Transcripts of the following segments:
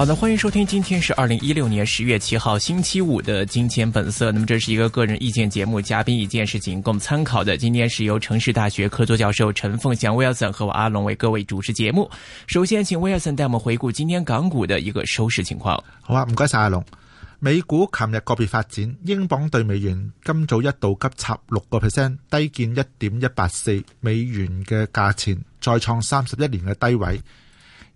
好的，歡迎收聽，今天是二零一六年十月七號星期五的金錢本色。那麼這是一個個人意見節目，嘉賓意見是僅供參考的。今天是由城市大學客座教授陳鳳翔、Wilson 和我阿龍為各位主持節目。首先，請 Wilson 帶我們回顧今天港股的一個收市情況。好啊，唔該晒阿龍。美股琴日個別發展，英鎊兌美元今早一度急插六個 percent，低見一點一八四美元嘅價錢，再創三十一年嘅低位。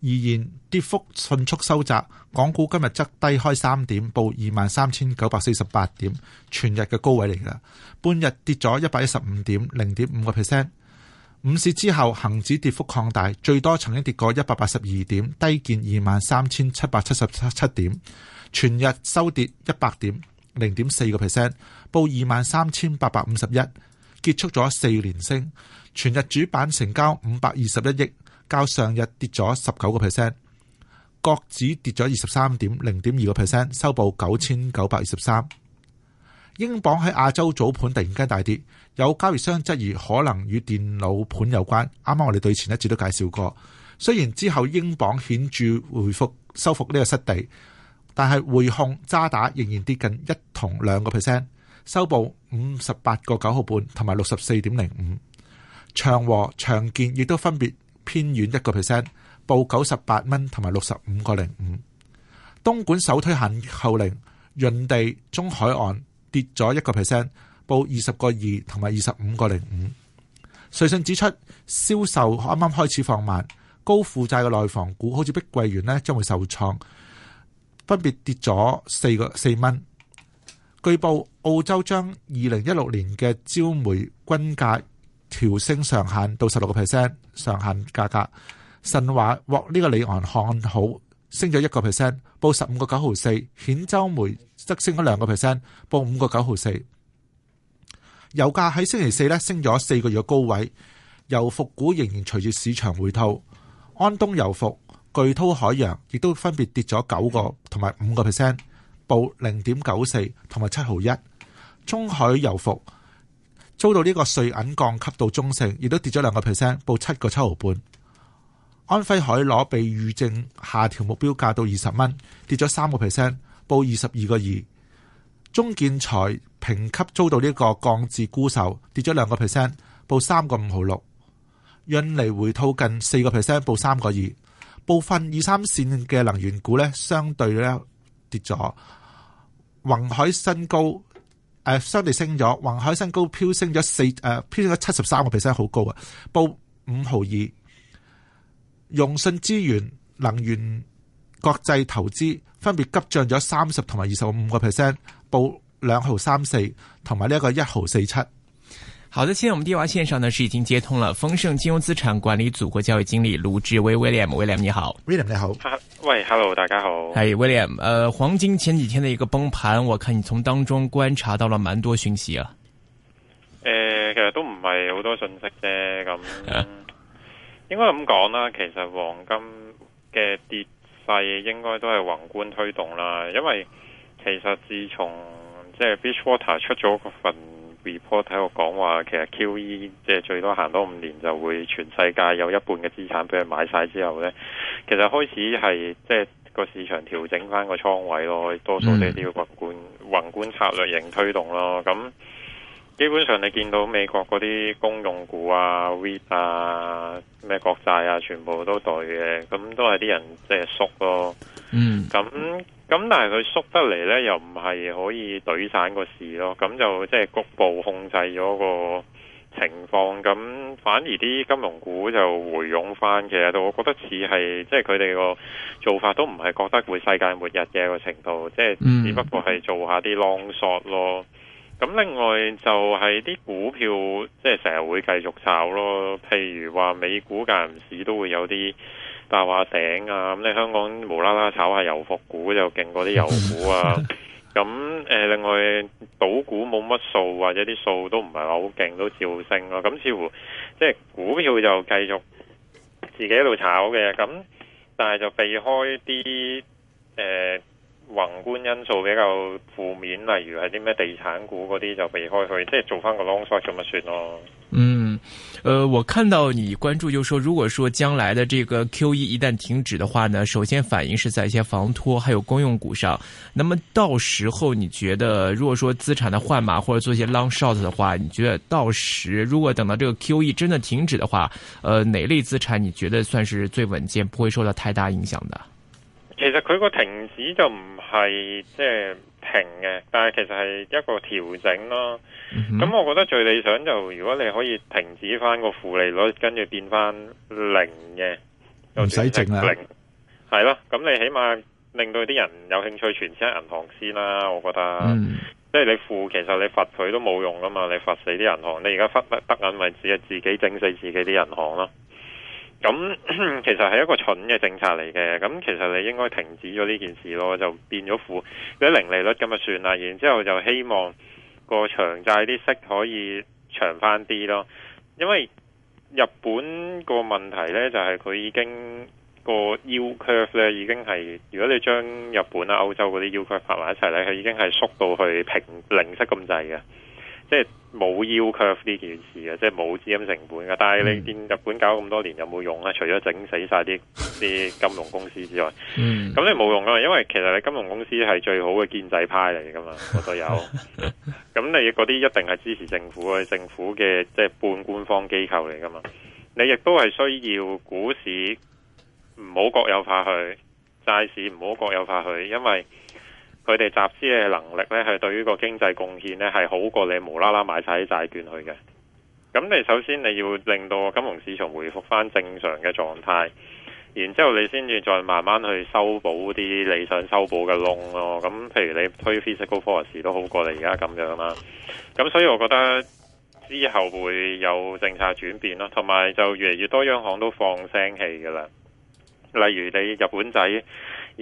而言跌幅迅速收窄，港股今日則低開三點，報二萬三千九百四十八點，全日嘅高位嚟噶。半日跌咗一百一十五點，零點五個 percent。午市之後，恒指跌幅擴大，最多曾經跌過一百八十二點，低見二萬三千七百七十七點，全日收跌一百點，零點四個 percent，報二萬三千八百五十一，23, 1, 結束咗四連升。全日主板成交五百二十一億。較上日跌咗十九個 percent，國指跌咗二十三點零點二個 percent，收報九千九百二十三。英鎊喺亞洲早盤突然間大跌，有交易商質疑可能與電腦盤有關。啱啱我哋對前一節都介紹過，雖然之後英鎊顯著回復收復呢個失地，但係匯控渣打仍然跌近一同兩個 percent，收報五十八個九毫半，同埋六十四點零五。長和長建亦都分別。偏遠一個 percent，報九十八蚊，同埋六十五個零五。東莞首推限購令，潤地、中海岸跌咗一個 percent，報二十個二，同埋二十五個零五。瑞信指出，銷售啱啱開始放慢，高負債嘅內房股，好似碧桂園呢將會受創，分別跌咗四個四蚊。據報，澳洲將二零一六年嘅焦煤均價。調升上限到十六個 percent 上限價格，神華獲呢個里昂看好，升咗一個 percent，報十五個九毫四。顯州煤則升咗兩個 percent，報五個九毫四。油價喺星期四咧升咗四個月嘅高位，油服股仍然隨住市場回吐，安東油服、巨濤海洋亦都分別跌咗九個同埋五個 percent，報零點九四同埋七毫一。中海油服。遭到呢個瑞銀降級到中性，亦都跌咗兩個 percent，報七個七毫半。安徽海螺被預正下調目標價到二十蚊，跌咗三個 percent，報二十二個二。中建材評級遭到呢個降至沽售，跌咗兩個 percent，報三個五毫六。印尼回吐近四個 percent，報三個二。部分二三線嘅能源股呢，相對咧跌咗。宏海新高。誒，相對、uh, 升咗，宏海新高飄升咗四誒，飄升咗七十三個 percent，好高啊，報五毫二。融信資源能源國際投資分別急漲咗三十同埋二十五個 percent，報兩毫三四同埋呢一個一毫四七。好的，現在我們電話線上呢是已經接通了豐盛金融資產管理組合教育經理盧志威 William，William 你好，William 你好，喂，Hello，大家好，哎，William，呃，黃金前幾天的一個崩盤，我看你從當中觀察到了蠻多訊息啊，誒、呃，其實都唔係好多訊息啫，咁、嗯，uh. 應該咁講啦，其實黃金嘅跌勢應該都係宏觀推動啦，因為其實自從即係 Beachwater 出咗個份。report 睇我講話，其實 QE 即係最多行多五年就會全世界有一半嘅資產俾人買晒，之後呢，其實開始係即係個市場調整翻個倉位咯，多數都係啲個宏觀策略型推動咯，咁、嗯。基本上你見到美國嗰啲公用股啊、V、mm. 啊、咩國債啊，全部都懟嘅，咁都係啲人即係縮咯。嗯、mm.，咁咁但係佢縮得嚟，呢，又唔係可以懟散個市咯，咁就即係局部控制咗個情況。咁反而啲金融股就回湧翻，其實我覺得似係即係佢哋個做法都唔係覺得會世界末日嘅個程度，即係只不過係做下啲 long shot 咯。咁另外就係啲股票，即係成日會繼續炒咯。譬如話美股、間唔時都會有啲大話頂啊。咁你香港無啦啦炒下油服股就勁過啲油股啊。咁誒、 呃，另外賭股冇乜數，或者啲數都唔係好勁，都照升咯、啊。咁似乎即係股票就繼續自己喺度炒嘅。咁但係就避開啲誒，呃宏觀因素比較負面，例如係啲咩地產股嗰啲就避開佢，即係做翻個 long shot 咁就算咯。嗯，誒、呃，我看到你關注就，就說如果說將來的這個 QE 一旦停止的話呢，首先反應是在一些房託還有公用股上。那麼到時候你覺得，如果說資產的換馬或者做一些 long shot 的話，你覺得到時如果等到這個 QE 真的停止的話，呃，哪類資產你覺得算是最穩健，不會受到太大影響的？其實佢個停止就唔係即係停嘅，但係其實係一個調整咯。咁、嗯、哼我覺得最理想就如果你可以停止翻個負利率，跟住變翻零嘅，又唔使剩零，係啦，咁你起碼令到啲人有興趣存錢喺銀行先啦。我覺得，嗯、即係你負，其實你罰佢都冇用噶嘛。你罰死啲銀行，你而家忽得銀咪只係自己整死自己啲銀行咯。咁其實係一個蠢嘅政策嚟嘅，咁其實你應該停止咗呢件事咯，就變咗負嗰啲零利率咁就算啦，然之後就希望個長債啲息可以長翻啲咯，因為日本個問題呢，就係、係、佢已經、這個 U curve 呢已經係，如果你將日本啊歐洲嗰啲 U curve 排埋一齊呢，佢已經係縮到去平零息咁滯嘅，即係。冇 yield curve 呢件事嘅，即係冇資金成本嘅。但係你見日本搞咁多年有冇用咧？除咗整死晒啲啲金融公司之外，咁 你冇用嘛？因為其實你金融公司係最好嘅建制派嚟噶嘛，我都有。咁你嗰啲一定係支持政府嘅，政府嘅即係半官方機構嚟噶嘛。你亦都係需要股市唔好國有化去，債市唔好國有化去，因為。佢哋集資嘅能力呢，係對於個經濟貢獻呢，係好過你無啦啦買晒啲債券去嘅。咁你首先你要令到金融市場回復翻正常嘅狀態，然之後你先至再慢慢去修補啲你想修補嘅窿咯。咁譬如你推 fiscal policy 都好過你而家咁樣啦。咁所以我覺得之後會有政策轉變咯，同埋就越嚟越多央行都放聲氣噶啦。例如你日本仔已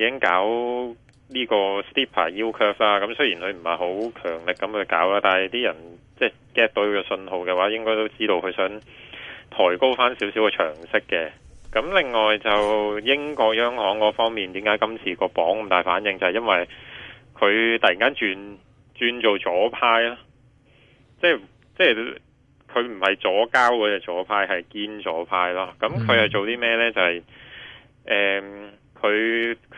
經搞。呢個 steepen yield curve 啦，咁雖然佢唔係好強力咁去搞啦，但係啲人即係、就是、get 到佢嘅信號嘅話，應該都知道佢想抬高翻少少嘅長息嘅。咁另外就英國央行嗰方面，點解今次個榜咁大反應，就係、是、因為佢突然間轉轉做左派啦，即係即係佢唔係左膠嗰隻左派，係堅左派啦。咁佢係做啲咩呢？就係、是、佢。呃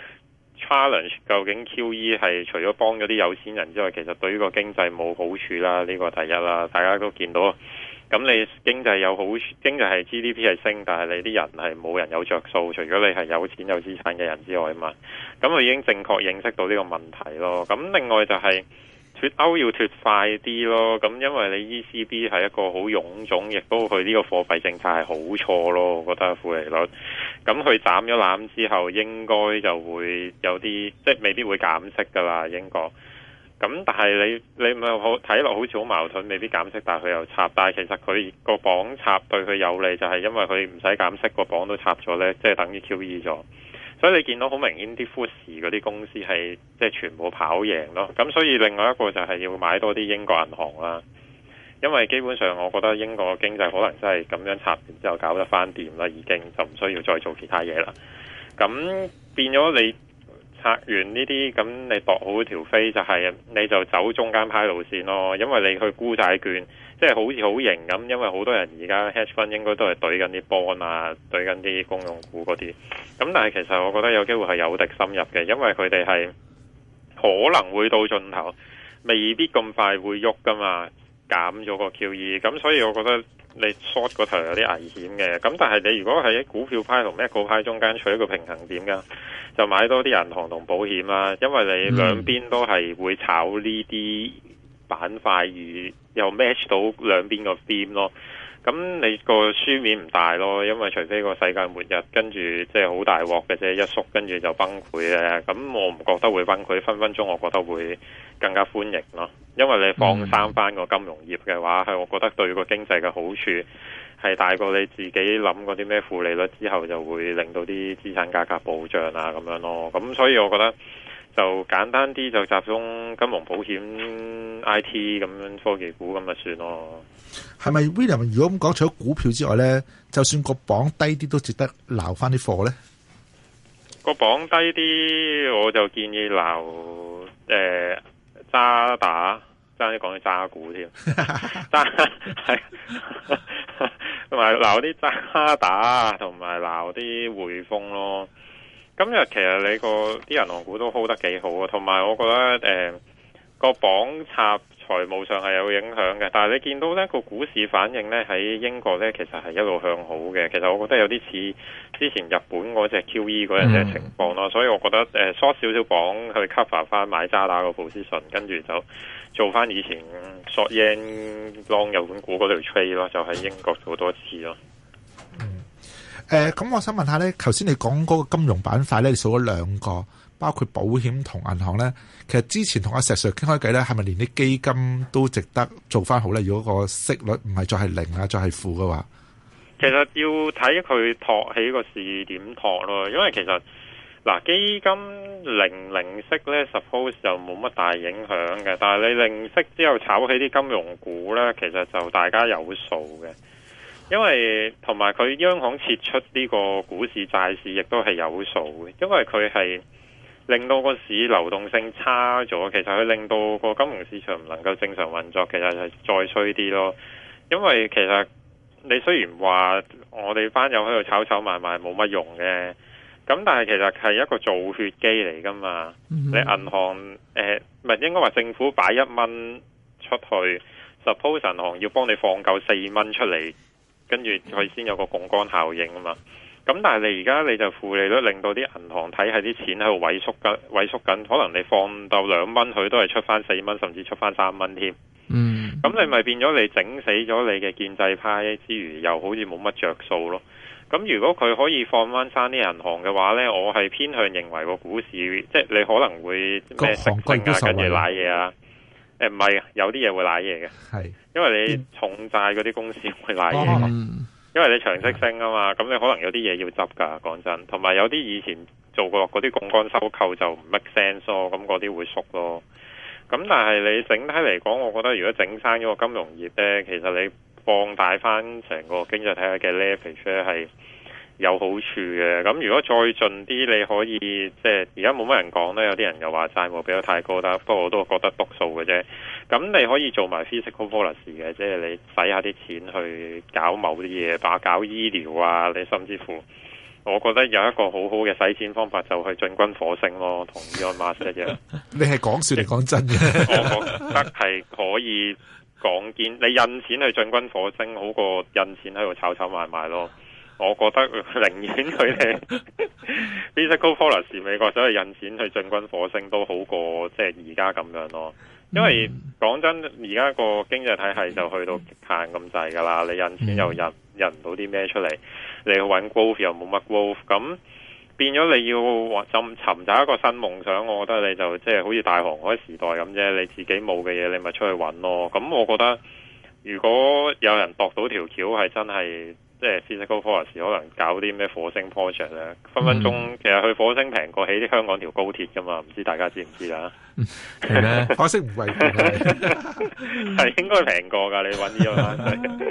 challenge 究竟 QE 係除咗幫咗啲有錢人之外，其實對於個經濟冇好處啦。呢、呢個第一啦，大家都見到。咁你經濟有好處，經濟係 GDP 係升，但係你啲人係冇人有着數，除咗你係有錢有資產嘅人之外嘛。咁佢已經正確認識到呢個問題咯。咁另外就係、係。脫歐要脫快啲咯，咁因為你 ECB 係一個好臃腫，亦都佢呢個貨幣政策係好錯咯，我覺得負利率。咁、嗯、佢斬咗纜之後，應該就會有啲，即係未必會減息噶啦，英國。咁、嗯、但係你你咪好睇落好似好矛盾，未必減息，但係佢又插。但係其實佢個綁插對佢有利，就係因為佢唔使減息，個綁都插咗呢，即係等於 QE 咗。所以你見到好明顯啲富士嗰啲公司係即係全部跑贏咯，咁所以另外一個就係要買多啲英國銀行啦，因為基本上我覺得英國嘅經濟可能真係咁樣拆完之後搞得翻掂啦，已經就唔需要再做其他嘢啦。咁變咗你拆完呢啲，咁你度好條飛就係、是、你就走中間派路線咯，因為你去沽債券。即係好似好型咁，因為好多人而家 hedge fund 應該都係對緊啲波啊，對緊啲公用股嗰啲。咁但係其實我覺得有機會係有敵深入嘅，因為佢哋係可能會到盡頭，未必咁快會喐㗎嘛。減咗個 QE，咁所以我覺得你 short 嗰頭有啲危險嘅。咁但係你如果係喺股票派同咩個派中間取一個平衡點㗎，就買多啲銀行同保險啦，因為你兩邊都係會炒呢啲。板塊而又 match 到兩邊個 theme 咯，咁你個輸面唔大咯，因為除非個世界末日，跟住即係好大鑊嘅啫，一縮跟住就崩潰咧。咁我唔覺得會崩潰，分分鐘我覺得會更加歡迎咯。因為你放生翻個金融業嘅話，係我覺得對個經濟嘅好處係大過你自己諗嗰啲咩負利率之後就會令到啲資產價格暴漲啊咁樣咯。咁所以我覺得。就簡單啲，就集中金融、保險 IT、I T 咁樣科技股咁啊算咯。係咪 William？如果咁講，除咗股票之外咧，就算個榜低啲都值得撈返啲貨咧。個榜低啲，我就建議撈誒、呃、渣打，爭啲講起渣股添。渣係同埋撈啲渣打，同埋撈啲匯豐咯。今日其實你個啲銀行股都 hold 得幾好啊，同埋我覺得誒、呃這個榜插財務上係有影響嘅，但係你見到咧、這個股市反應咧喺英國咧其實係一路向好嘅，其實我覺得有啲似之前日本嗰隻 QE 嗰陣嘅情況咯，mm hmm. 所以我覺得誒縮、呃、少少榜去 cover 翻買渣打個 position 跟住就做翻以前 short yen long 日本股嗰度 trade 咯，就喺英國做多次咯。誒，咁、嗯、我想問下呢，頭先你講嗰個金融板塊咧，你數咗兩個，包括保險同銀行呢。其實之前同阿石 Sir 傾開計傾開偈咧，係咪連啲基金都值得做翻好呢？如果個息率唔係再係零啊，再係負嘅話，其實要睇佢托起個市點托咯。因為其實嗱，基金零零息呢 suppose 就冇乜大影響嘅。但係你零息之後炒起啲金融股呢，其實就大家有數嘅。因為同埋佢央行撤出呢個股市債市，亦都係有數嘅。因為佢係令到個市流動性差咗，其實佢令到個金融市場唔能夠正常運作，其實係再衰啲咯。因為其實你雖然話我哋班友喺度炒炒賣賣冇乜用嘅，咁但係其實係一個造血機嚟噶嘛。Mm hmm. 你銀行誒唔係應該話政府擺一蚊出去，suppose 銀行要幫你放夠四蚊出嚟。跟住佢先有個槓桿效應啊嘛，咁但係你而家你就負利率令到啲銀行睇下啲錢喺度萎縮緊，萎縮緊，可能你放到兩蚊佢都係出翻四蚊，甚至出翻三蚊添。嗯，咁你咪變咗你整死咗你嘅建制派之餘，又好似冇乜着數咯。咁如果佢可以放翻生啲銀行嘅話呢，我係偏向認為個股市即係你可能會咩升貴啊，跟住、嗯、買嘢啊。誒，唔係，有啲嘢會瀨嘢嘅，係是，因為你重債嗰啲公司會瀨嘢，嗯、因為你長息升啊嘛，咁你可能有啲嘢要執噶，講真，同埋有啲以前做過嗰啲槓桿收購就唔 make sense 咯，咁嗰啲會縮咯，咁但係你整體嚟講，我覺得如果整生一個金融業咧，其實你放大翻成個經濟體下嘅 leverage 係。有好處嘅，咁如果再盡啲，你可以即係而家冇乜人講咧，有啲人又話債務比得太高啦，不過我都覺得篤數嘅啫。咁你可以做埋 fiscal policy 嘅，即係你使下啲錢去搞某啲嘢，把搞醫療啊，你甚至乎，我覺得有一個好好嘅使錢方法就去進軍火星咯，同 Elon Musk 一樣。 你係講笑定講真嘅？我覺得係可以講堅，你印錢去進軍火星好過印錢喺度炒炒賣賣咯。我覺得寧願佢哋 physical policy 美國走去印錢去進軍火星都好過即係而家咁樣咯。因為講、嗯、真，而家個經濟體系就去到極限咁滯噶啦。你印錢又印，印唔到啲咩出嚟。你去搵 growth 又冇乜 growth，咁變咗你要就尋找一個新夢想。我覺得你就即係好似大航海時代咁啫。你自己冇嘅嘢，你咪出去揾咯。咁我覺得如果有人度到條橋，係真係。即係可能搞啲咩火星 project 咧、嗯，分分鐘其實去火星平過起啲香港條高鐵噶嘛，唔知大家知唔知啦？係咩、嗯？可惜唔係，係 應該平過噶。你揾呢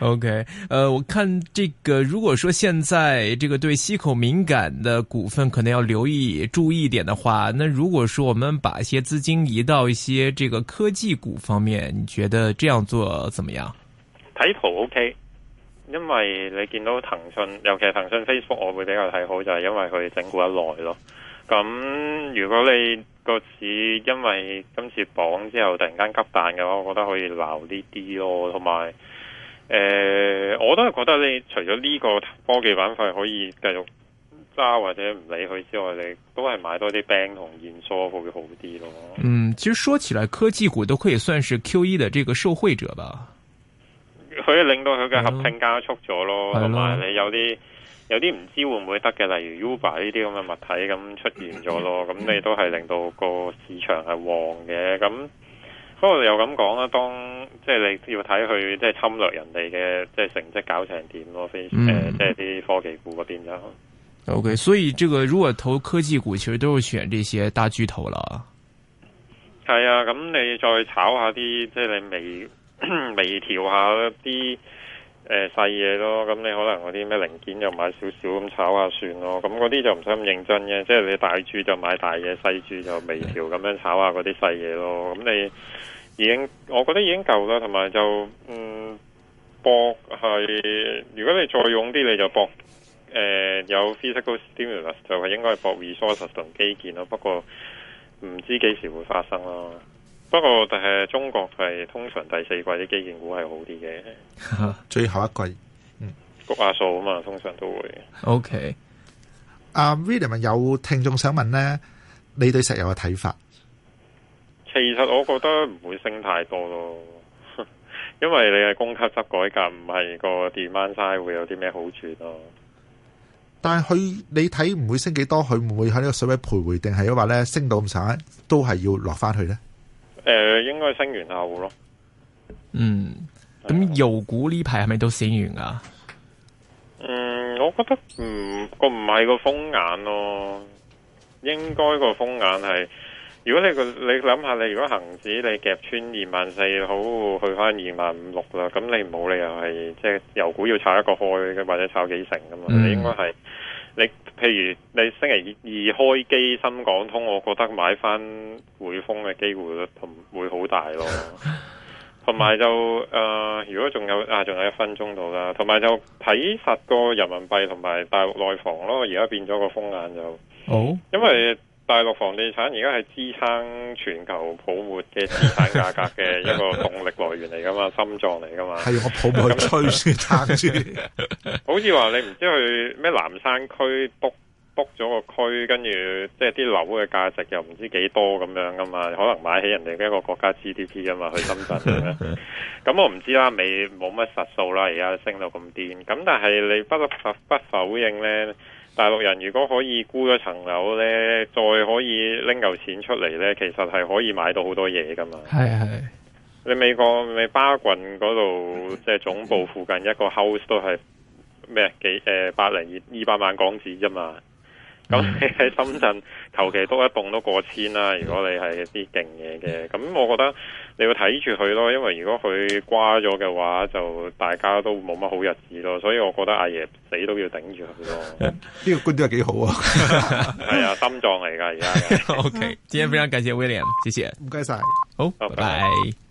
個，OK？誒、呃，我看這個，如果說現在這個對息口敏感的股份，可能要留意、注意一點的話，那如果說我們把一些資金移到一些這個科技股方面，你覺得這樣做怎麼樣？睇圖 OK。因為你見到騰訊，尤其係騰訊、Facebook，我會比較睇好，就係、是、因為佢整固得耐咯。咁如果你個市因為今次綁之後突然間急彈嘅話，我覺得可以留呢啲咯。同埋，誒，我都係覺得，你除咗呢個科技板塊可以繼續揸或者唔理佢之外，你都係買多啲 b a n 兵同現梭會好啲咯。嗯，其實說起來，科技股都可以算是 QE 的這個受惠者吧。佢令到佢嘅合併加速咗咯，同埋了你有啲有啲唔知會唔會得嘅，例如 Uber 呢啲咁嘅物體咁出現咗咯，咁、嗯、你都係令到個市場係旺嘅。咁不過又咁講啦，當即係你要睇佢即係侵略人哋嘅，即係成績搞成點咯。Facebook、誒、嗯呃，即係啲科技股嗰邊就 OK。所以，這個如果投科技股，其實都是選這些大巨頭啦。係啊，咁你再炒一下啲，即係你未。 微調下啲誒細嘢咯，咁你可能嗰啲咩零件又買少少咁炒下算咯，咁嗰啲就唔使咁認真嘅，即係你大注就買大嘢，細注就微調咁樣炒下嗰啲細嘢咯。咁你已經我覺得已經夠啦，同埋就嗯博係，如果你再用啲你就博誒、呃、有 physical stimulus 就係應該係博 resources 同基建咯，不過唔知幾時會發生咯。不過，但係中國係通常第四季啲基建股係好啲嘅， 最後一季，嗯，谷下數啊嘛，通常都會。OK。阿 William 有聽眾想問咧，你對石油嘅睇法？其實我覺得唔會升太多咯， 因為你係供給側改革，唔係個 demand side 會有啲咩好處咯、啊。但係佢，你睇唔會升幾多？佢唔會喺呢個水位徘徊？定係話咧升到咁上下，都係要落翻去咧？誒，應該升完後咯。嗯，咁油股呢排係咪都升完噶、啊？嗯，我覺得唔、嗯、個唔係個風眼咯、哦，應該個風眼係。如果你個你諗下，你如果恒指你夾穿二萬四好，去翻二萬五六啦，咁你冇理由係即係油股要炒一個開，或者炒幾成噶嘛？嗯、你應該係你。譬如你星期二開機深港通，我覺得買翻匯豐嘅機會同會好大咯。同埋就誒、呃、如果仲有啊，仲有一分鐘到啦。同埋就睇實個人民幣同埋大陸內房咯。而家變咗個風眼就，好，oh? 因為大陸房地產而家係支撐全球泡沫嘅資產價格嘅一個。 嚟噶嘛，心臟嚟噶嘛，係我抱佢吹先撐。好似話你唔知去咩南山區卜卜咗個區，跟住即係啲樓嘅價值又唔知幾多咁樣噶嘛，可能買起人哋嘅一個國家 GDP 噶嘛，去深圳。咁 我唔知啦，未冇乜實數啦，而家升到咁癲。咁但係你不不不否認呢，大陸人如果可以沽咗層樓呢，再可以拎夠錢出嚟呢，其實係可以買到好多嘢噶嘛。係係。你美國美巴郡嗰度即係總部附近一個 house 都係咩幾誒、呃、百零二二百萬港紙啫嘛？咁、嗯嗯、你喺深圳求其多一棟都過千啦。如果你係啲勁嘢嘅，咁、嗯、我覺得你要睇住佢咯。因為如果佢瓜咗嘅話，就大家都冇乜好日子咯。所以我覺得阿爺死都要頂住佢咯。呢個觀點係幾好啊！係 啊，心臟嚟㗎而家。 OK，今天非常感謝 William，謝謝。唔該晒！好，拜拜。Bye bye bye.